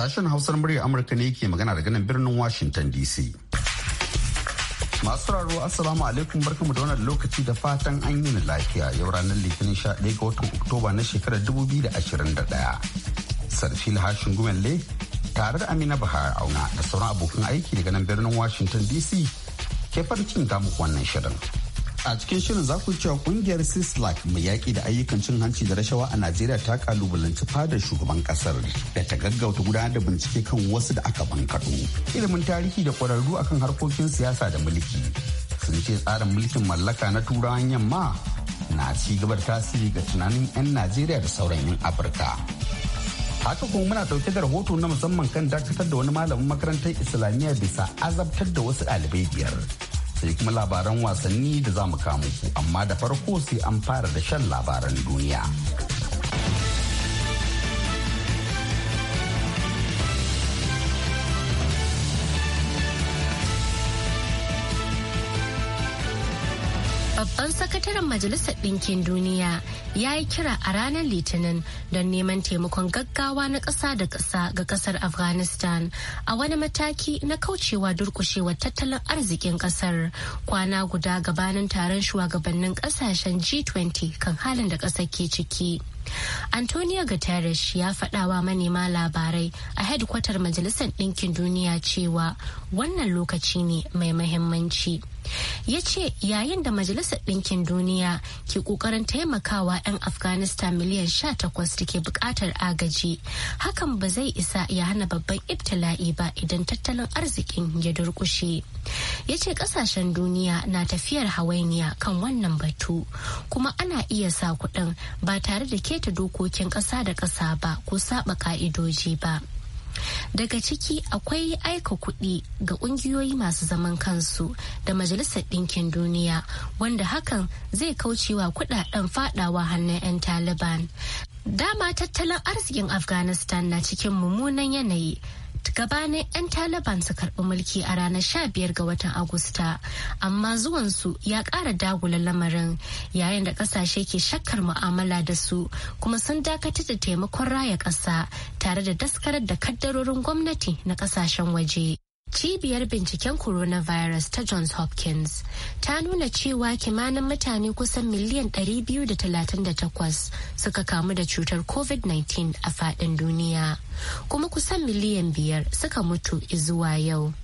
Sashen Hausar murya Amurka ne ke magana daga nan birnin Washington DC. Masu raro Assalamu alaikum barkamu da wannan lokaci da fatan an yi ni lafiya yau ranar Litinin 11 ga watan Oktoba na shekarar dubu da ashirin 2021. Sarfil Hashin Gumelle tare da Amina Bahar Auna da sauran abokan aiki daga nan birnin Washington DC ke farcin muku wannan shirin. a cikin shirin za ku cewa kungiyar sislak mai yaƙi da ayyukan cin hanci da rashawa a najeriya ta kalubalanci fadar shugaban ƙasar da ta gaggauta gudanar da bincike kan wasu da aka bankaɗo ilimin tarihi da ƙwararru akan harkokin siyasa da mulki sun ce tsarin mulkin mallaka na turawan yamma na ci gaba da tasiri ga tunanin 'yan najeriya da sauran 'yan afirka haka kuma muna ɗauke da rahoto na musamman kan dakatar da wani malamin makarantar islamiyya bisa azabtar da wasu ɗalibai biyar sai kuma labaran wasanni da za mu kamu amma da farko sai an fara da shan labaran duniya. sakataren majalisar ɗinkin duniya ya yi kira a ranar litinin don neman taimakon gaggawa na ƙasa da ƙasa ga ƙasar afghanistan a wani mataki na kaucewa durƙushewar tattalin arzikin ƙasar kwana guda gabanin taron shugabannin ƙasashen g20 kan halin da ƙasar ke ciki Antonio Guterres ya faɗawa manema labarai a hedkwatar Majalisar Ɗinkin Duniya cewa wannan lokaci ne mai mahimmanci. ya ce yayin da majalisar ɗinkin duniya ke ƙoƙarin taimakawa 'yan afghanistan miliyan 18 da ke buƙatar agaji hakan ba zai isa ya hana babban ibtila'i ba idan tattalin arzikin ya durƙushe ya ce ƙasashen duniya na tafiyar hawainiya kan wannan batu kuma ana iya sa kuɗin ba tare da keta dokokin ƙasa da ƙasa ba ko saba ƙa'idoji ba. daga ciki akwai aika kuɗi ga ƙungiyoyi masu zaman kansu da majalisar ɗinkin duniya wanda hakan zai kaucewa kuɗaɗen faɗawa hannun 'yan taliban dama tattalin arzikin afghanistan na cikin mummunan yanayi gabanin 'yan taliban su karɓi mulki a ranar 15 ga watan agusta amma zuwansu ya ƙara dagula lamarin yayin da ƙasashe ke shakkar mu'amala da su kuma sun dakatar da taimakon raya ƙasa tare da daskarar da kaddarorin gwamnati na ƙasashen waje Cibiyar binciken coronavirus ta Johns Hopkins ta nuna cewa kimanin mutane kusan miliyan 238 suka kamu da cutar COVID-19 a faɗin duniya, kuma kusan miliyan biyar suka mutu izuwa yau.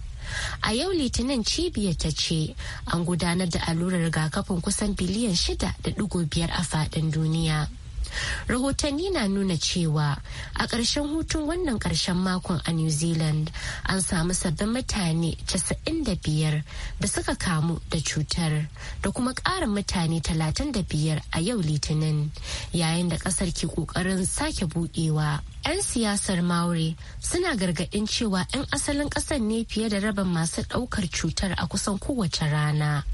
A yau Litinin cibiyar ta ce an gudanar da allurar rigakafin kusan biliyan 6.5 a faɗin duniya. rahotanni na nuna cewa a ƙarshen hutun wannan ƙarshen makon a new zealand an samu sabbin mutane 95 da suka kamu da cutar da kuma ƙarin mutane 35 a yau litinin yayin da ƙasar ke ƙoƙarin sake buɗewa 'yan siyasar maori suna gargaɗin cewa 'yan asalin ƙasar ne fiye da rabin masu ɗaukar cutar a kusan kowace rana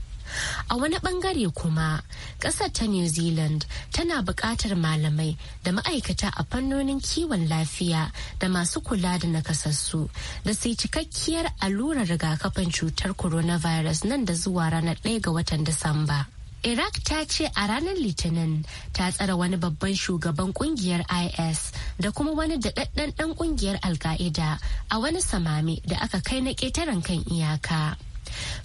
A wani bangare kuma, ƙasar ta New Zealand tana buƙatar malamai da ma'aikata a fannonin kiwon lafiya da masu kula da nakasassu da sai cikakkiyar allurar rigakafin cutar coronavirus nan da zuwa ranar 1 ga watan Disamba. Iraq ta ce a ranar Litinin ta tsara wani babban shugaban kungiyar IS da kuma wani daɗaɗɗen ɗan kungiyar Al-Qaeda a wani samami da aka kai na ƙetaren kan iyaka.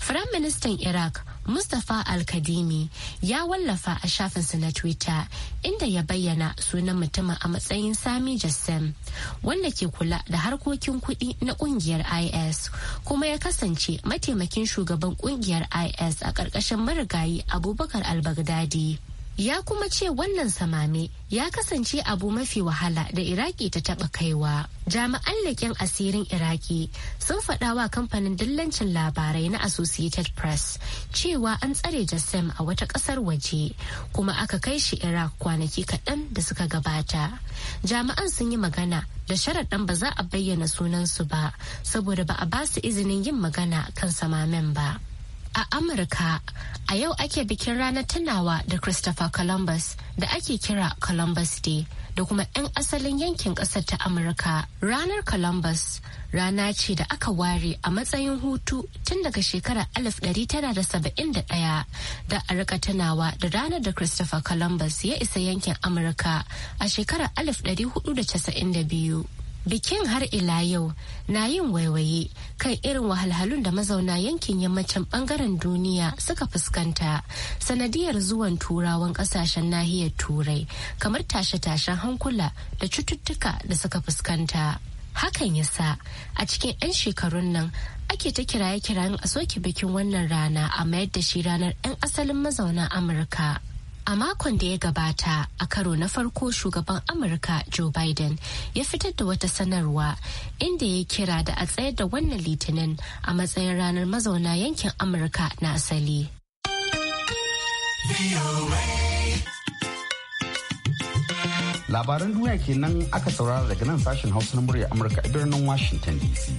Firaministan Iraq Mustapha Al-Kadimi ya wallafa a shafinsa na Twitter inda ya bayyana sunan mutumin a matsayin Sami Jassem wanda ke kula da harkokin kuɗi na ƙungiyar IS kuma ya kasance mataimakin shugaban ƙungiyar IS a ƙarƙashin marigayi Abubakar al-Baghdadi. ya kuma ce wannan samame ya kasance abu mafi wahala da iraki ta taba kaiwa jami'an leƙen asirin iraki sun faɗa wa kamfanin dillancin labarai na associated press cewa an tsare jassem a wata ƙasar waje kuma aka kai shi iraq kwanaki kaɗan da suka gabata jami'an sun yi magana da sharaɗin ba za a bayyana sunansu ba saboda ba a ba su izinin yin magana kan samamen ba a Amurka a yau ake bikin ranar tunawa da Christopher Columbus da ake kira Columbus Day da kuma 'yan asalin yankin ƙasar ta Amurka. Ranar Columbus rana ce da aka ware a matsayin hutu tun daga shekarar 1971 da a rika tunawa da ranar da Christopher Columbus ya isa yankin Amurka a shekarar 1492. bikin har ila yau na yin waiwaye kan irin wahalhalun da mazauna yankin yammacin bangaren duniya suka fuskanta sanadiyar zuwan turawan kasashen nahiyar turai kamar tashe-tashen hankula da cututtuka da suka fuskanta hakan yasa a cikin 'yan shekarun nan ake ta kiraye-kirayen a soke bikin wannan rana a mayar da shi ranar 'yan asalin mazauna amurka A makon da ya gabata a karo na farko shugaban Amurka Joe Biden ya fitar da wata sanarwa inda ya kira da a tsayar da wannan litinin a matsayin ranar mazauna yankin Amurka na asali. Labaran duniya kenan aka saurara daga nan sashen hausa na murya Amurka a birnin Washington DC.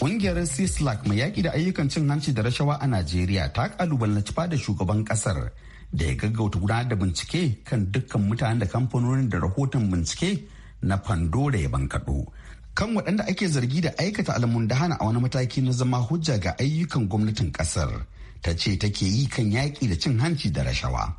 Ƙungiyar CISLAC mai yaƙi da ayyukan cin hanci da rashawa a Najeriya ta kalubalanci fada shugaban ƙasar da ya gaggauta gudanar da bincike kan dukkan mutanen da kamfanonin da rahoton bincike na Pandora ya bankaɗo. Kan waɗanda ake zargi da aikata alamun hana a wani mataki na zama hujja ga ayyukan gwamnatin ƙasar ta ce take yi kan yaƙi da cin hanci da rashawa.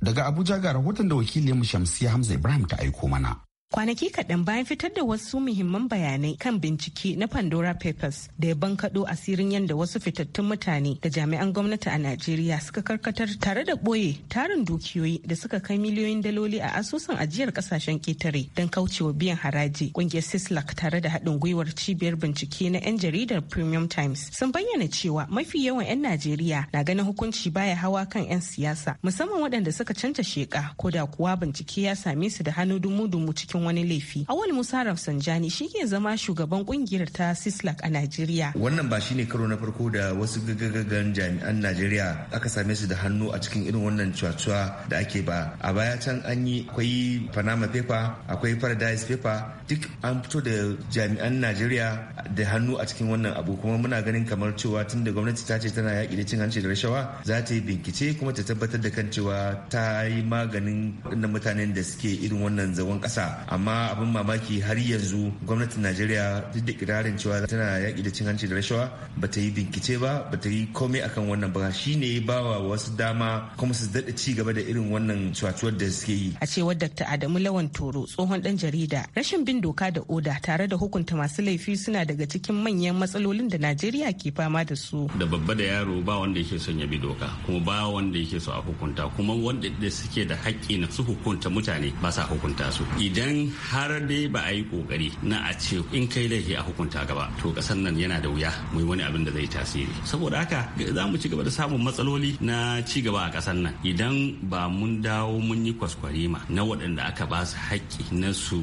Daga Abuja ga rahoton da wakilin Shamsiya Hamza Ibrahim ta aiko mana. Kwanaki kaɗan bayan fitar da wasu muhimman bayanai kan bincike na Pandora Papers da ya bankaɗo asirin yadda wasu fitattun mutane da jami'an gwamnati a Najeriya suka karkatar tare da ɓoye tarin dukiyoyi da suka kai miliyoyin daloli a asusun ajiyar ƙasashen ƙetare don kaucewa biyan haraji. Ƙungiyar Sislak tare da haɗin gwiwar cibiyar bincike na 'yan jaridar Premium Times sun bayyana cewa mafi yawan 'yan Najeriya na ganin hukunci baya hawa kan 'yan siyasa musamman waɗanda suka canza sheƙa ko da kuwa bincike ya same su da hannu dumu-dumu cikin cikin wani laifi awal musa sanjani shi ke zama shugaban kungiyar ta sislak a najeriya wannan ba shi ne karo na farko da wasu gagagagan jami'an najeriya aka same su da hannu a cikin irin wannan cuwa-cuwa da ake ba a baya can an yi akwai panama paper akwai paradise paper duk an fito da jami'an najeriya da hannu a cikin wannan abu kuma muna ganin kamar cewa tun da gwamnati ta ce tana yaƙi da cin hanci da rashawa za ta yi bincike kuma ta tabbatar da kan cewa ta yi maganin na mutanen da suke irin wannan zagon kasa. amma abin mamaki har yanzu gwamnatin najeriya duk da kirarin cewa tana yaƙi da cin hanci da rashawa ba ta yi binkice ba ba ta yi komai akan wannan ba shi ne ba wa wasu dama kuma su daɗa ci gaba da irin wannan cuwacuwar da suke yi a cewar dr adamu lawan toro tsohon ɗan jarida rashin bin doka da oda tare da hukunta masu laifi suna daga cikin manyan matsalolin da najeriya ke fama da su da babba da yaro ba wanda yake son ya bi doka kuma ba wanda yake so a hukunta kuma wanda suke da haƙƙi na su hukunta mutane ba sa hukunta su idan in har dai ba a yi kokari na a ce in kai laifi a hukunta gaba to kasan nan yana da wuya mu wani abin da zai tasiri saboda haka za mu ci gaba da samun matsaloli na ci gaba a kasan nan idan ba mun dawo mun yi ma na waɗanda aka ba su haƙƙi na su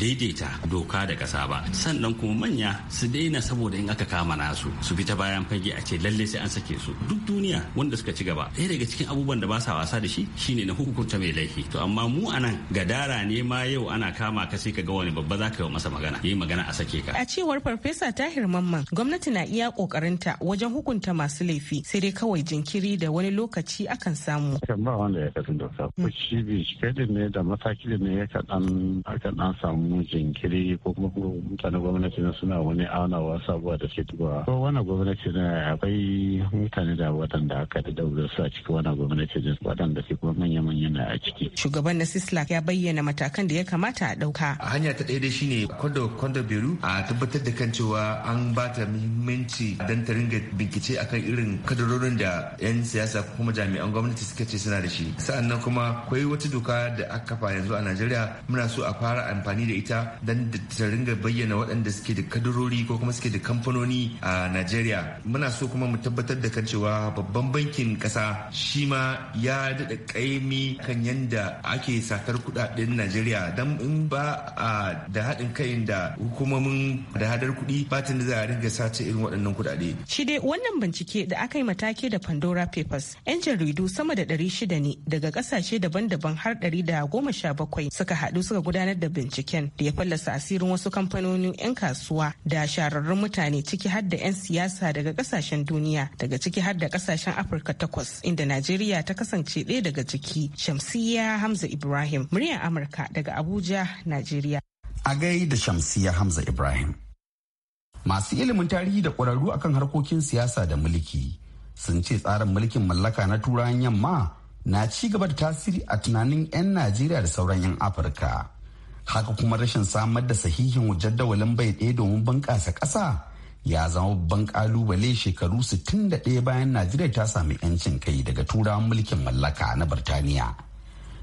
daidaita doka da ƙasa ba sannan kuma manya su daina saboda in aka kama nasu su fita bayan fage a ce lalle sai an sake su duk duniya wanda suka ci gaba ɗaya daga cikin abubuwan da ba sa wasa da shi shine na hukunta mai laifi to amma mu anan gadara ne ma yau ana kama ka sai ka ga wani babba za ka yi masa magana yi magana a sake ka. A cewar Farfesa Tahir Mamman gwamnati na iya kokarinta wajen hukunta masu laifi sai dai kawai jinkiri da wani lokaci akan samu. Kan ba wanda ya kasu doka. Hmm. Ko shi ka din ne da mataki da ne ya kaɗan akan dan samu jinkiri ko kuma mutane gwamnati na suna wani aunawa sabuwa da ke Ko wani gwamnati na akwai mutane da waɗanda aka da su a ciki wani gwamnati din waɗanda ke kuma manya-manya na a ciki. Shugaban na Sislak ya bayyana matakan da ya kamata ɗauka? A hanya ta ɗaya shi ne kwando kwando beru a tabbatar da kan cewa an ba ta muhimmanci don ta ringa bincike akan irin kadarorin da 'yan siyasa ko kuma jami'an gwamnati suka ce suna da shi. Sa'annan kuma akwai wata doka da aka kafa yanzu a Najeriya muna so a fara amfani da ita don ta ringa bayyana waɗanda suke da kadarori ko kuma suke da kamfanoni a Najeriya. Muna so kuma mu tabbatar da kan cewa babban bankin ƙasa shi ma ya daɗa ƙaimi kan yanda ake satar kuɗaɗen Najeriya don in ba a da haɗin kai da hukumomin da hadar kuɗi fatan da za a riga sace irin waɗannan kuɗaɗe. Shi dai wannan bincike da aka yi matake da Pandora Papers, 'yan jaridu sama da ɗari shida ne daga ƙasashe daban-daban har ɗari da goma sha bakwai suka haɗu suka gudanar da binciken da ya fallasa asirin wasu kamfanonin 'yan kasuwa da shararrun mutane ciki har da 'yan siyasa daga ƙasashen duniya daga ciki har da ƙasashen Afirka takwas inda Najeriya ta kasance ɗaya daga ciki. Shamsiyya Hamza Ibrahim, muryar Amurka daga Abuja Abuja, Najeriya. A gai da Shamsiya Hamza Ibrahim. Masu ilimin tarihi da ƙwararru akan harkokin siyasa da mulki sun ce tsarin mulkin mallaka na turawan yamma na ci gaba da tasiri a tunanin 'yan Najeriya da sauran 'yan Afirka. Haka kuma rashin samar da sahihin jaddawalin bai ɗaya domin bunƙasa ƙasa ya zama babban ƙalubale shekaru 61 bayan Najeriya ta sami 'yancin kai daga turawan mulkin mallaka na Birtaniya.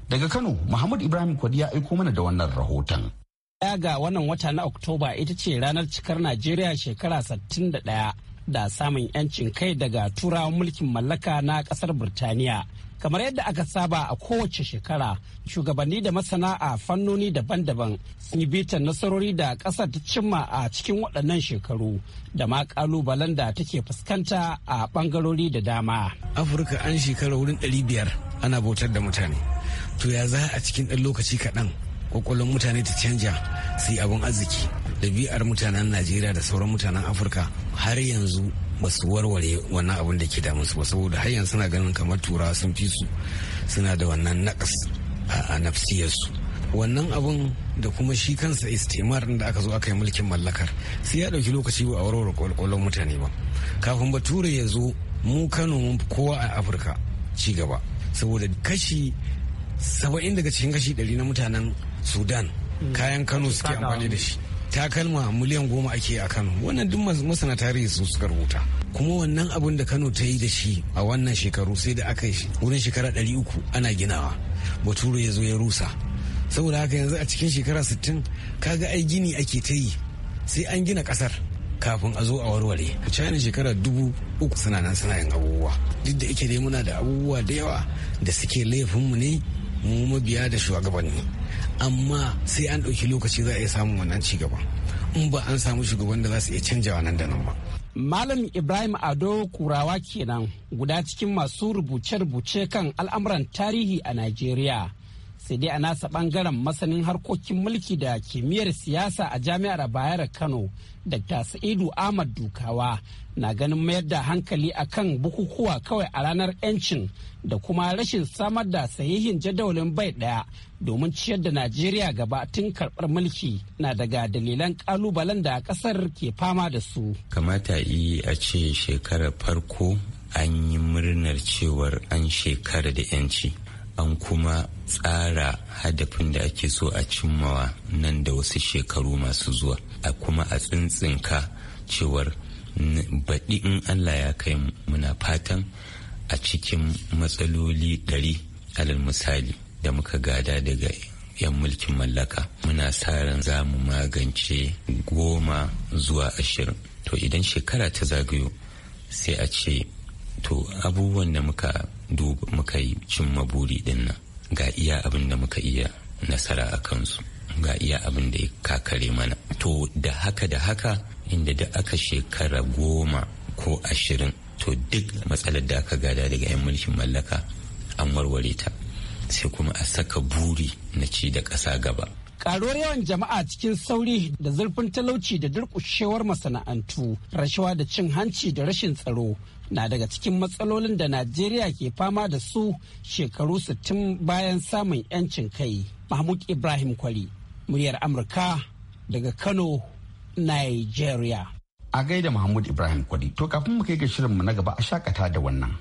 Daga Kano, Muhammad Ibrahim Kwadi ya aiko mana da wannan rahoton. Daya ga wannan wata na Oktoba ita ce ranar cikar Najeriya shekara 61 da samun 'yancin kai daga turawan mulkin mallaka na kasar Birtaniya. Kamar yadda aka saba a kowace shekara, shugabanni da masana a fannoni daban-daban sun yi bitan nasarori da ƙasar ta cimma a cikin waɗannan shekaru da ma ƙalubalen da take fuskanta a ɓangarori da dama. Afirka an shekara wurin 500 ana bautar da mutane. to ya za a cikin ɗan lokaci kaɗan kwakwalwar mutane ta canja suyi abin arziki ɗabi'ar mutanen najeriya da sauran mutanen afirka har yanzu ba su warware wannan abin da ke damunsu ba saboda har yanzu suna ganin kamar tura sun fi su suna da wannan naƙas a nafsiyarsu wannan abun da kuma shi kansa istimar da aka zo aka yi mulkin mallakar sai ya ɗauki lokaci ba a warware kwalkwalon mutane ba kafin bature ya zo mu kano kowa a afirka ci gaba saboda kashi saba'in daga cikin kashi ɗari na mutanen sudan hmm. kayan kano suke amfani da shi takalma miliyan goma ake a kano wannan duk masana tarihi su suka rubuta kuma wannan abin da kano ta yi da shi a wannan shekaru sai da aka yi wurin shekara ɗari uku ana ginawa bature ya zo ya rusa saboda haka yanzu a cikin shekara sittin kaga ai gini ake ta yi sai an gina kasar. kafin a zo a warware china shekara dubu uku suna nan suna yin abubuwa duk da ike dai muna da abubuwa da yawa da suke laifinmu ne mu mabiya da shugabanni amma sai an ɗauki lokaci za a iya samun wannan cigaba in ba an samu shugaban da za su iya canjawa nan da nan ba Malam Ibrahim Ado Kurawa kenan guda cikin masu rubuce-rubuce kan al'amuran tarihi a Najeriya sai dai a nasa bangaren masanin harkokin mulki da kimiyyar siyasa a jami'ar bayar kano dr sa'idu ahmad dukawa na ganin mayar da hankali akan bukukuwa kawai a ranar 'yancin da kuma rashin samar da sahihin jadawalin bai daya domin ciyar da najeriya gaba tun karbar mulki na daga dalilan kalubalen da kasar ke fama da su kamata yi a ce shekarar farko an yi murnar cewar an shekara da 'yanci an kuma tsara hadafin da ake so a cimmawa nan da wasu shekaru masu zuwa a kuma a tsintsinka cewar baɗi in allah ya kai muna fatan a cikin matsaloli ɗari alal misali da muka gada daga 'yan mulkin mallaka muna sa ran za mu magance goma zuwa ashirin to idan shekara ta zagayo sai a ce to abubuwan da muka muka yi cin maburi din nan ga iya abin da muka iya nasara a kansu ga iya abin da ya kakare mana to da haka da haka inda da aka shekara goma ko ashirin to duk matsalar da aka gada daga 'yan mulkin mallaka an warware ta sai kuma a saka buri na ci da ƙasa gaba Karuwar yawan jama'a cikin sauri da zurfin talauci da durƙushewar masana'antu, rashawa da cin hanci da rashin tsaro na daga cikin matsalolin da Najeriya ke fama da su shekaru 60 bayan samun 'yancin kai. Mahmud Ibrahim Kwari, muryar Amurka daga Kano, Nigeria. A gaida Mahmud Ibrahim Kwari, to kafin mu kai ga shirinmu na gaba a shakata da wannan.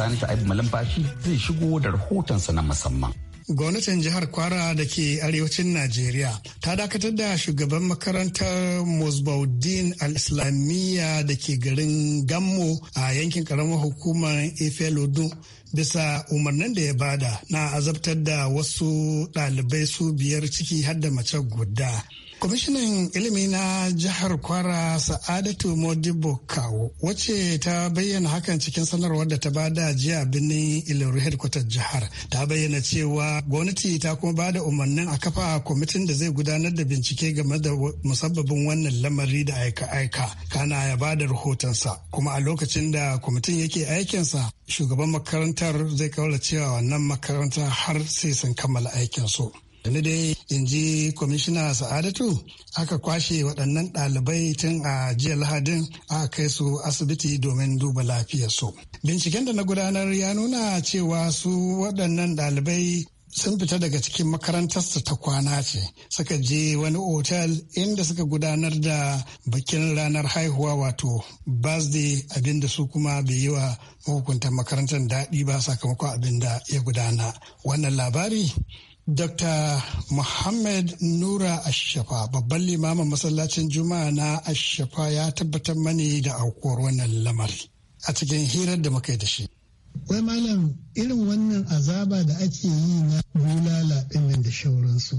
sani sha'ib malamfashi zai shigo da rahotonsa na musamman gwamnatin jihar kwara da ke arewacin najeriya ta dakatar da shugaban makarantar musbaudin al-islamiyya da ke garin gammo a yankin karamar hukumar ifelodun bisa umarnin da ya bada na azabtar da wasu ɗalibai su biyar ciki har da mace guda. Kwamishinan ilimi na jihar Kwara Sa'adatu Modibo Kawo wace ta bayyana hakan cikin sanarwar da ta bada jiya birnin Ilori headquarter jihar. Ta bayyana cewa gwamnati ta kuma bada umarnin a kafa kwamitin da zai gudanar da bincike game da musabbabin wannan lamari da aika-aika. Kana ya bada rahotonsa kuma a lokacin da kwamitin yake aikinsa shugaban makaranta makarantar zai cewa wannan makarantar har sai sun kammala aikin aikinsu. Wani dai in ji kwamishina Sa'adatu aka kwashe waɗannan ɗalibai tun a jiya Lahadin aka kai su asibiti domin duba lafiyarsu. Binciken da na gudanar ya nuna cewa su waɗannan ɗalibai sun fita daga cikin su ta kwana ce suka je wani otal inda suka gudanar da bikin ranar haihuwa wato birthday abinda su kuma bai yi wa mahukuntan makarantar daɗi ba sakamakon abinda ya gudana wannan labari Dr. Muhammad Nura Ashafa babban limamin masallacin Juma'a na Ashafa ya tabbatar mani da aukuwar wannan lamari a cikin hirar da muka yi da shi. wai malam irin wannan azaba da ake yi na bulala ɗinnan da shauransu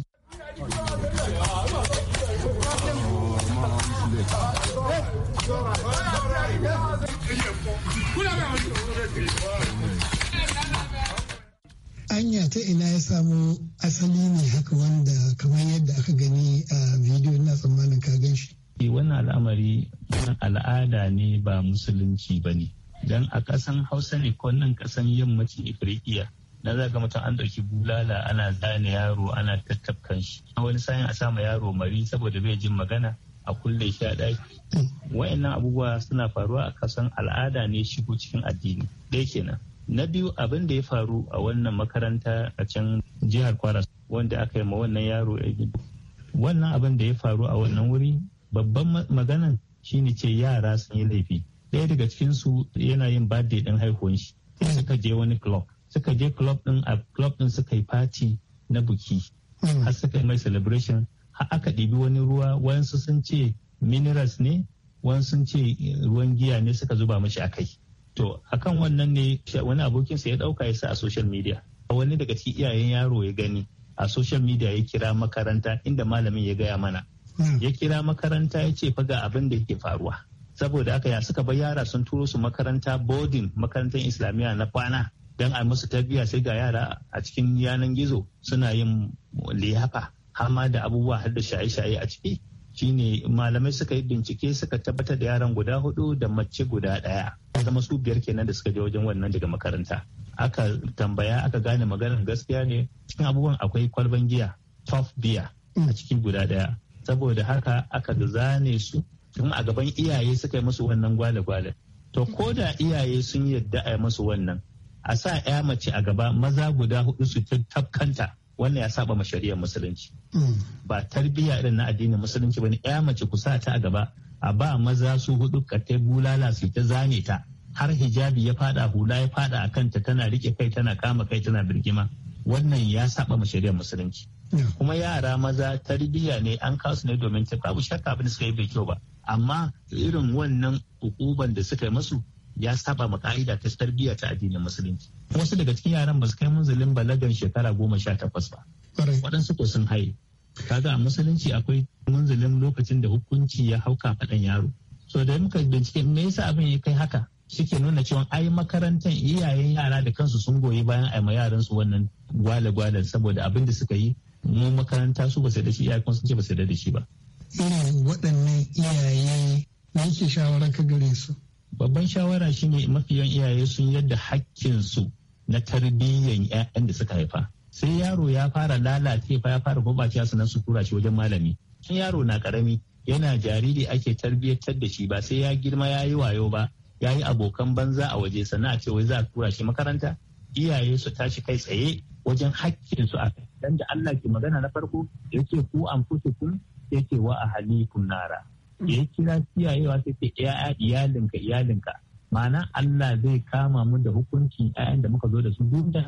anya ta ina ya samu asali ne haka wanda kamar yadda aka gani a bidiyo na tsammanin ka gan shi eh, wannan al'amari al'ada ne ba musulunci ba ne dan a kasan hausa ne ko nan kasan yammacin ifirikiya na zaga mutum an ɗauki bulala ana zane yaro ana tattafkan shi wani sayan a sama yaro mari saboda bai jin magana a kulle shi a ɗaki wa'annan abubuwa suna faruwa a kasan al'ada ne shigo cikin addini ɗaya kenan na biyu abin da ya faru a wannan makaranta a can jihar kwaras wanda aka yi ma wannan yaro ya wannan abin da ya faru a wannan wuri babban maganan shine ce yara sun yi laifi ɗaya daga cikin su yana yin birthday ɗin haihuwan shi hmm. suka je wani club suka je club ɗin a club ɗin suka yi party na buki hmm. har suka yi mai celebration har aka ɗibi wani ruwa wayansu sun ce minerals ne wani sun ce ruwan giya ne suka zuba mashi a kai. To, akan wannan ne wani abokinsa ya ɗauka ya sa a social media. Wani daga cikin iyayen yaro ya gani a social media ya kira makaranta inda malamin ya gaya mana. Hmm. Ya kira makaranta ya ce faga abin da ke faruwa. saboda aka ya suka bar yara sun turo su makaranta boarding makarantar islamiyya na kwana don a musu tarbiyya sai ga yara a cikin yanan gizo suna yin liyafa hama da abubuwa har da shaye-shaye a ciki shine malamai suka yi bincike suka tabbatar da yaran guda hudu da mace guda daya zama su biyar kenan da suka je wajen wannan daga makaranta aka tambaya aka gane maganar gaskiya ne cikin abubuwan akwai kwalban giya tough beer a cikin guda daya saboda haka aka zane su kuma a gaban iyaye suka yi musu wannan gwale-gwale to ko da iyaye sun yadda a yi musu wannan a sa ya mace a gaba maza guda hudu su tafkanta wannan ya saba ma shari'ar musulunci hmm. ba tarbiyya irin na addinin musulunci bane ya mace ku sa ta a gaba a ba maza su hudu katai bulala su ta zane ta har hijabi ya fada hula ya fada a kanta tana rike kai tana kama kai tana birgima wannan ya saba ma shari'ar musulunci hmm. kuma yara maza tarbiyya ne an kasu ne domin ta babu shakka abin da suka yi bai kyau ba amma irin wannan hukuban da suka yi masu ya saba ma ka'ida ta tarbiyya ta addinin musulunci wasu daga cikin yaran ba su kai munzulin balagan shekara goma sha takwas ba waɗansu ko sun haye kaga a musulunci akwai munzulin lokacin da hukunci ya hauka faɗan yaro so da muka bincike me yasa abin ya kai haka suke nuna cewa ai makarantar iyayen yara da kansu sun goyi bayan a ma yaran su wannan gwale-gwalen saboda abin da suka yi mu makaranta su ba su da shi kuma sun ce ba su da shi ba irin waɗannan iyaye na yake shawara ka gare su babban shawara shi mafi mafiyan iyaye sun yadda hakkinsu na tarbiyyan 'ya'yan da suka haifa sai yaro ya fara lalace ya fara gurɓacewa sannan su kura shi wajen malami Sun yaro na karami yana jariri ake tarbiyyantar da shi ba sai ya girma ya yi wayo ba ya yi abokan banza a waje sannan a ce wai za a tura shi makaranta iyaye su tashi kai tsaye wajen haƙƙinsu a dan da Allah ke magana na farko yake ku an kun sai ce wa halikun nara mm. ya yi kira kiyayewa sai ce ya iyalinka iyalinka ma'ana Allah zai kama mu da hukuncin ƴaƴan da muka zo da su duk da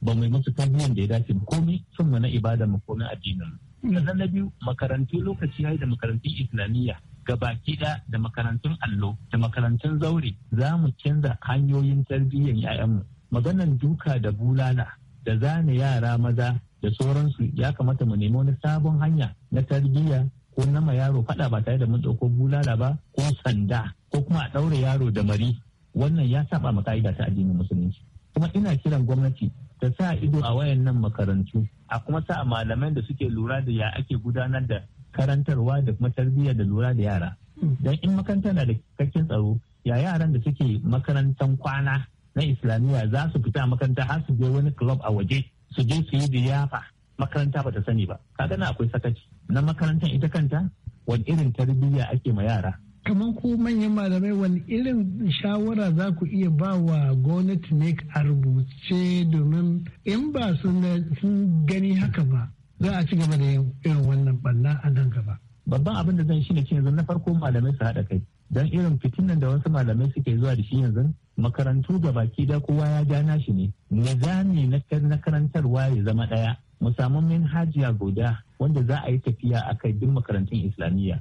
ba mu yi musu tarbiyyar da ya dace mu komai sun mu na ibada mu komai addinin mu mm. na biyu makarantu lokaci har da makarantun islamiyya gabaki ɗaya da makarantun allo da makarantun zaure za mu canza hanyoyin tarbiyyar ƴaƴanmu maganan duka da bulala da zane yara maza da sauransu ya kamata mu nemi wani sabon hanya na tarbiyya ko nama yaro fada ba tare da mun ɗauko bulala ba ko sanda ko kuma a ɗaure yaro da mari wannan ya saba ma ka'ida ta addinin musulunci kuma ina kiran gwamnati ta sa ido a wayan nan makarantu a kuma sa malamai da suke lura da ya ake gudanar da karantarwa da kuma tarbiyya da lura da yara dan in makaranta na da cikakken tsaro ya yaran da suke makarantar kwana na islamiyya za su fita makaranta har su je wani club a waje su je su yi liyafa makaranta ba ta sani ba Ka gana akwai sakaci na makarantar ita kanta wani irin tarbiyya ake ma yara kamar ku manyan malamai wani irin shawara za ku iya ba wa gwamnati ne a rubuce domin in ba sun gani haka ba za a ci gaba da irin wannan banna a nan gaba babban abin da zan shi ne na farko malamai su haɗa kai don irin fitinan da wasu malamai suke zuwa da shi yanzu makarantu da baki da kowa ya ja nashi ne nizami na karantarwa ya zama ɗaya mu samu hajiya guda wanda za a yi tafiya a kai duk makarantun islamiyya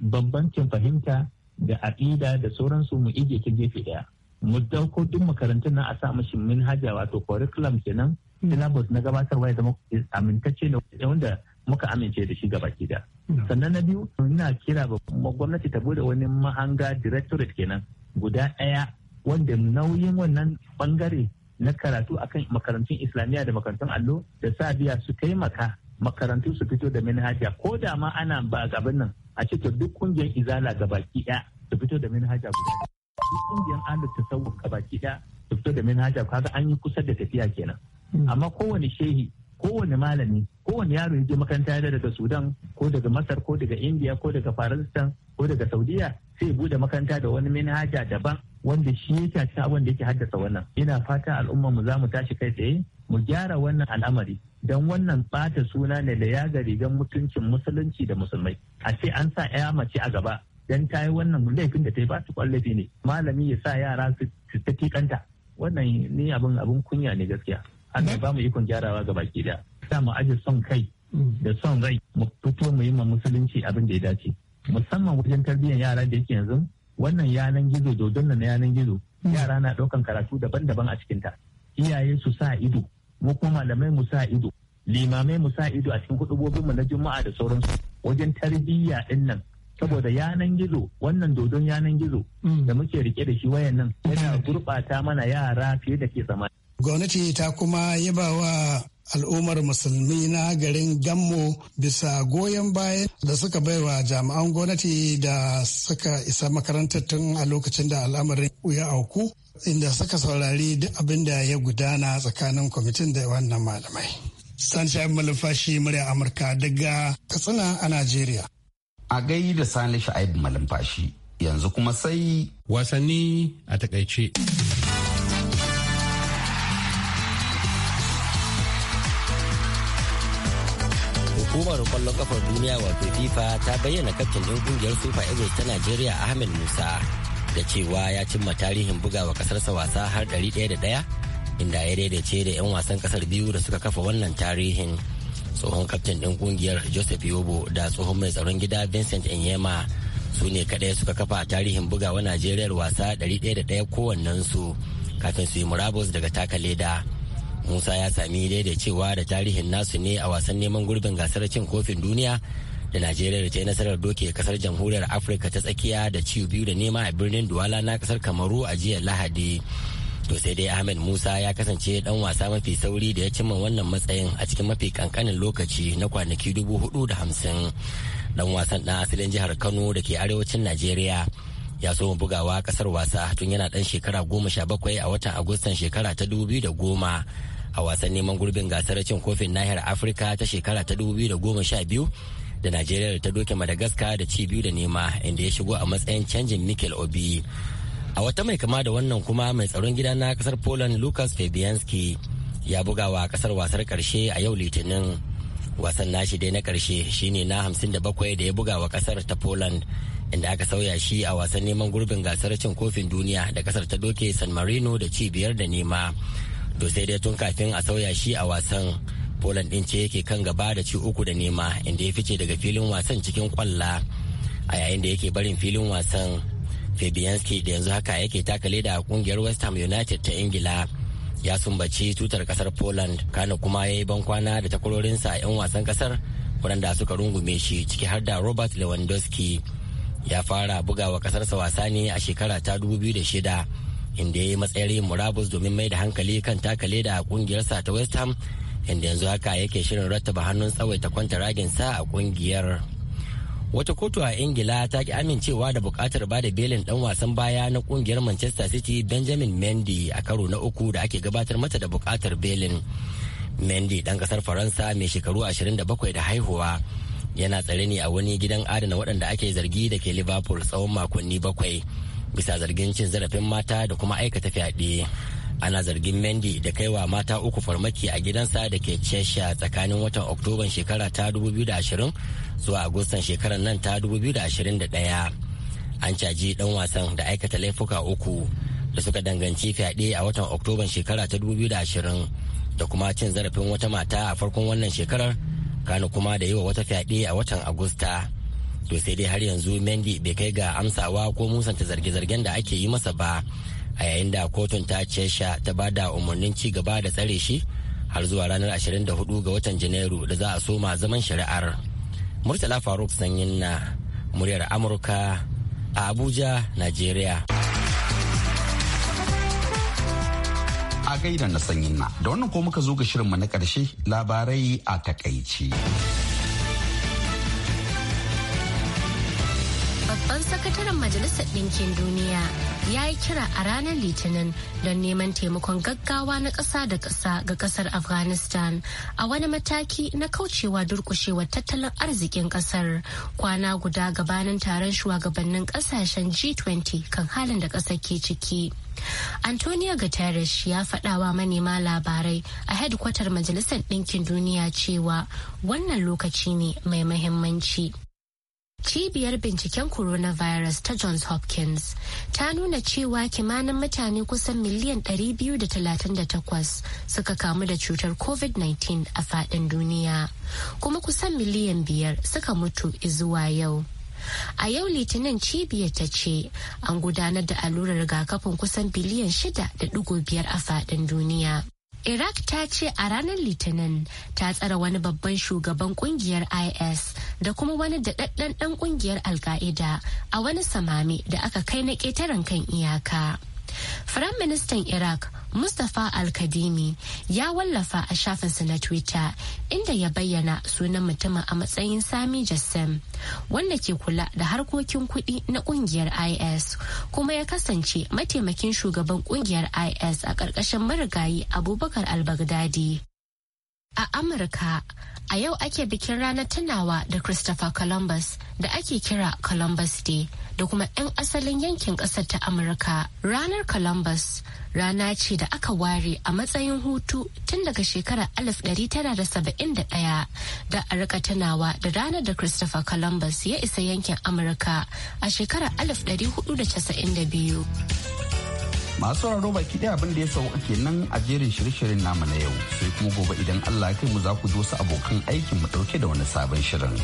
bambancin fahimta da aƙida da sauransu mu ije ta gefe ɗaya mu dauko duk makarantun nan a sa mashi hajiya. wato curriculum kenan syllabus na gabatarwa ya zama amintacce da wanda muka amince da shi gaba da. sannan na biyu ina kira babban gwamnati ta bude wani mahanga directorate kenan guda daya wanda nauyin wannan bangare na karatu akan makarantun islamiyya da makarantun allo da sabiya su taimaka makarantu su fito da manhaja ko da ma ana ba gaban nan a ce to duk kungiyar izala ga baki daya su fito da manhaja guda duk kungiyar allo ta ga baki daya su fito da manhaja kaga an yi kusa da tafiya kenan hmm. amma kowane shehi kowane malami kowane yaro ya je makaranta ya daga sudan ko daga masar ko daga indiya ko daga faransistan ko daga saudiya sai bude makaranta da wani manhaja daban wanda shi ya tashi abin da yake haddasa wannan ina fata al'umma mu za mu tashi kai tsaye mu gyara wannan al'amari don wannan bata suna ne da yaga rigar mutuncin musulunci da musulmai a ce an sa ya mace a gaba dan ta yi wannan laifin da ta yi ba su kwallafi ne malami ya sa yara su ta kanta wannan ni abin abin kunya ne gaskiya Allah ba mu ikon gyarawa ga baki da sa mu aje son kai da son rai mu fito mu yi ma musulunci abin da ya dace musamman wajen tarbiyyar yara da yake yanzu wannan yanan gizo dodon na yanan gizo yara na ɗaukan karatu daban-daban a cikinta iyaye su sa ido mu kuma malamai mu sa ido limamai mu sa ido a cikin kudubobin mu na juma'a da sauransu wajen tarbiyya din nan saboda yanan gizo wannan dodon yanan gizo mm. da muke rike da shi wayannan. yana gurɓata mana yara fiye da ke zamani gwamnati ta kuma yaba wa al'ummar musulmi na garin gammo bisa goyon bayan da suka baiwa jami'an gwamnati da suka isa makarantar tun a lokacin da al'amarin ya auku inda suka saurari duk abin da ya gudana tsakanin kwamitin da wannan malamai. Sani Malumfashi murya Amurka daga Katsina a Najeriya. A gai da Sani Malumfashi yanzu kuma sai wasanni a takaice. hukumar kwallon kafar duniya wato fifa ta bayyana kaftin ɗin kungiyar super eagles ta najeriya ahmed musa da cewa ya cimma tarihin bugawa kasarsa wasa har ɗari ɗaya da ɗaya inda ya daidaice da 'yan wasan kasar biyu da suka kafa wannan tarihin tsohon kaftin ɗin kungiyar joseph yobo da tsohon mai tsaron gida vincent enyema su ne kaɗai suka kafa tarihin bugawa najeriyar wasa ɗari 101 kowannensu kafin su yi murabus daga taka leda musa ya sami daidaicewa da tarihin nasu ne a wasan neman gurbin gasar cin kofin duniya da najeriya da ta yi nasarar doke kasar jamhuriyar afirka ta tsakiya da ciwo biyu da nema a birnin duwala na kasar kamaru a jiya lahadi to sai dai ahmed musa ya kasance dan wasa mafi sauri da ya cimma wannan matsayin a cikin mafi kankanin lokaci na kwanaki dubu hudu da hamsin dan wasan dan asalin jihar kano da ke arewacin najeriya ya so bugawa kasar wasa tun yana dan shekara goma sha bakwai a watan agustan shekara ta dubu biyu da goma a wasan neman gurbin gasar cin kofin nahiyar afirka ta shekara ta 2012 da najeriya da ta doke madagascar da ci biyu da nema inda ya shigo a matsayin canjin mikel obi a wata mai kama da wannan kuma mai tsaron gida na kasar poland lucas fabianski ya bugawa kasar wasar karshe a yau litinin wasan nashi dai na karshe shine na 57 da ya buga wa kasar ta poland inda aka sauya shi a wasan neman gurbin gasar cin kofin duniya da kasar ta doke san marino da ci biyar da nema to sai dai tun kafin a sauya shi a wasan poland din ce yake kan gaba da ci uku da nema inda ya fice daga filin wasan cikin kwalla a yayin da yake barin filin wasan fabianski da yanzu haka yake takale da kungiyar west ham united ta ingila ya sumbaci tutar kasar poland kana kuma ya yi bankwana da takwarorinsa a 'yan wasan kasar waɗanda suka rungume shi ciki har da robert lewandowski ya fara bugawa kasarsa wasa ne a shekara ta 2006 inda ya yi matsayar yin murabus domin mai da hankali kan takale da kungiyarsa ta west ham inda yanzu haka yake shirin rattaba hannun tsawaita sa a kungiyar wata kotu a ingila ta ki amincewa da bukatar bada belin dan wasan baya na kungiyar manchester city benjamin mendy a karo na uku da ake gabatar mata da bukatar belin mendy dan kasar faransa mai shekaru 27 da haihuwa yana tsare ne a wani gidan adana waɗanda ake zargi da ke liverpool tsawon makonni bakwai bisa zargin cin zarafin mata da kuma aikata fyaɗe ana zargin mendi da kaiwa mata uku farmaki a gidansa da ke cheshire tsakanin watan oktoban shekara ta 2020 zuwa agustan shekarar nan ta 2021 an caji dan wasan da aikata laifuka uku da suka danganci fyaɗe a watan oktoban shekara ta 2020 da kuma cin zarafin wata mata a farkon wannan shekarar kano kuma da yi wa wata fyaɗe a watan agusta to sai dai har yanzu mendy bai kai ga amsawa ko musanta zarge-zargen da ake yi masa ba a yayin da kotun ta cesha ta ba da umarnin ci gaba da tsare shi har zuwa ranar 24 ga watan janairu da za a soma zaman shari'ar murtala faruk sanyin na muryar amurka a abuja nigeria a gaida na sanyin na da wannan ko muka zo ga shirinmu na ƙarshe labarai a takaici. babban sakataren majalisar ɗinkin duniya ya yi kira a ranar litinin don neman taimakon gaggawa na ƙasa da ƙasa ga ƙasar afghanistan a wani mataki na kaucewa durƙushewar tattalin arzikin ƙasar kwana guda gabanin taron shugabannin ƙasashen g20 kan halin da ƙasar ke ciki antonio guterres ya faɗawa manema labarai a hedkwatar majalisar ɗinkin duniya cewa wannan lokaci ne mai mahimmanci Cibiyar binciken coronavirus ta Johns Hopkins ta nuna cewa kimanin mutane kusan miliyan 238 suka kamu da cutar COVID-19 a fadin duniya, kuma kusan miliyan biyar suka mutu izuwa yau. A yau Litinin cibiyar ta ce an gudanar da allurar rigakafin kusan biliyan 6.5 a fadin duniya. Iraq ta ce a ranar Litinin ta tsara wani babban shugaban kungiyar IS da kuma wani daɗaɗɗen ɗan kungiyar Al-Qaeda a wani samami da aka kai na ƙetaren kan iyaka. Ministan Iraq Mustapha Al-Kadimi ya wallafa a shafinsa na Twitter inda ya bayyana sunan mutumin a matsayin Sami Jassem wanda ke kula da harkokin kuɗi na ƙungiyar IS kuma ya kasance mataimakin shugaban ƙungiyar IS a ƙarƙashin marigayi Abubakar al-Baghdadi. A Amurka, a yau ake bikin ranar tunawa da Christopher Columbus da ake kira Columbus Day da kuma 'yan asalin yankin ƙasar ta Amurka. Ranar Columbus rana ce da aka ware a matsayin hutu tun daga shekarar 1971 da a rika tunawa da ranar da Christopher Columbus ya isa yankin Amurka a shekarar 1492. masu sauraro baki ɗaya abin da ya sauka nan a jerin shirye-shiryen namu na yau sai kuma gobe idan Allah ya kai mu za ku ji wasu abokan aikin mu ɗauke da wani sabon shirin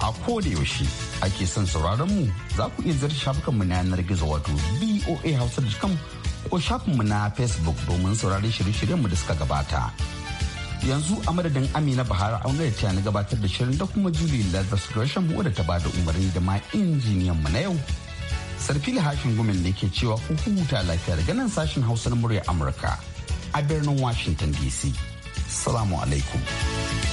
a koda yaushe ake son sauraron mu za ku iya ziyarci shafukan mu na yanar gizo wato hausa voahausa.com ko shafin mu na facebook domin sauraron shirye-shiryen mu da suka gabata yanzu a madadin amina bahara auna da ta gabatar da shirin da kuma julie lazarus gresham da ta bada umarni da ma injiniyan mu na yau sarfili lahashin gumin da ke cewa ku huta lafiya daga nan sashen hausa na murya amurka a birnin washington dc salamu alaikum